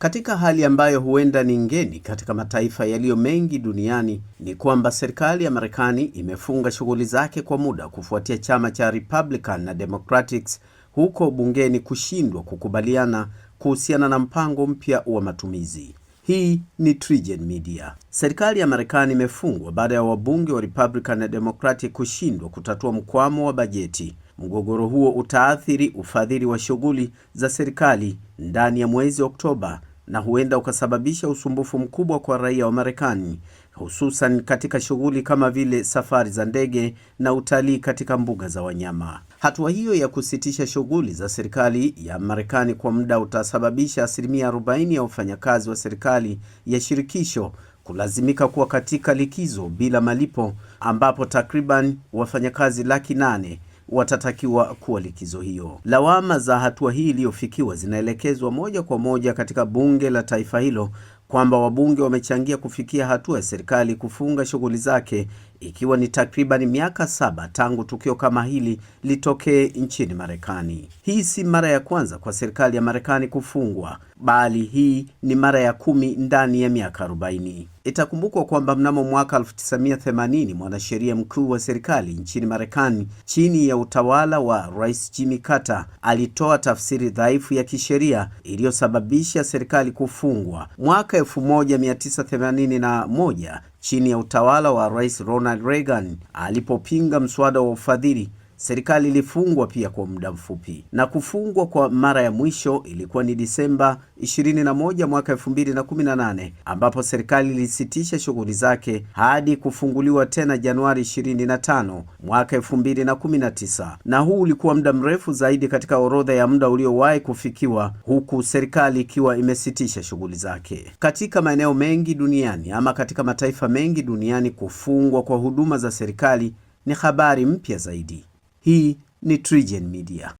Katika hali ambayo huenda ni ngeni katika mataifa yaliyo mengi duniani ni kwamba serikali ya Marekani imefunga shughuli zake kwa muda kufuatia chama cha Republican na Democrats huko bungeni kushindwa kukubaliana kuhusiana na mpango mpya wa matumizi. Hii ni TriGen Media. Serikali ya Marekani imefungwa baada ya wabunge wa Republican na Democratic kushindwa kutatua mkwamo wa bajeti. Mgogoro huo utaathiri ufadhili wa shughuli za serikali ndani ya mwezi Oktoba na huenda ukasababisha usumbufu mkubwa kwa raia wa Marekani, hususan katika shughuli kama vile safari za ndege na utalii katika mbuga za wanyama. Hatua hiyo ya kusitisha shughuli za serikali ya Marekani kwa muda utasababisha asilimia 40 ya wafanyakazi wa serikali ya shirikisho kulazimika kuwa katika likizo bila malipo, ambapo takriban wafanyakazi laki nane watatakiwa kuwa likizo hiyo. Lawama za hatua hii iliyofikiwa zinaelekezwa moja kwa moja katika bunge la taifa hilo kwamba wabunge wamechangia kufikia hatua ya serikali kufunga shughuli zake ikiwa ni takriban miaka saba tangu tukio kama hili litokee nchini Marekani. Hii si mara ya kwanza kwa serikali ya Marekani kufungwa, bali hii ni mara ya kumi ndani ya miaka 40. Itakumbukwa kwamba mnamo mwaka 1980 mwanasheria mkuu wa serikali nchini Marekani chini ya utawala wa Rais Jimmy Carter alitoa tafsiri dhaifu ya kisheria iliyosababisha serikali kufungwa. Mwaka 1981 chini ya utawala wa Rais Ronald Reagan alipopinga mswada wa ufadhili serikali ilifungwa pia kwa muda mfupi, na kufungwa kwa mara ya mwisho ilikuwa ni Disemba 21 mwaka 2018, ambapo serikali ilisitisha shughuli zake hadi kufunguliwa tena Januari 25 mwaka 2019, na huu ulikuwa muda mrefu zaidi katika orodha ya muda uliowahi kufikiwa, huku serikali ikiwa imesitisha shughuli zake katika maeneo mengi duniani ama katika mataifa mengi duniani. Kufungwa kwa huduma za serikali ni habari mpya zaidi. Hii ni TriGen Media.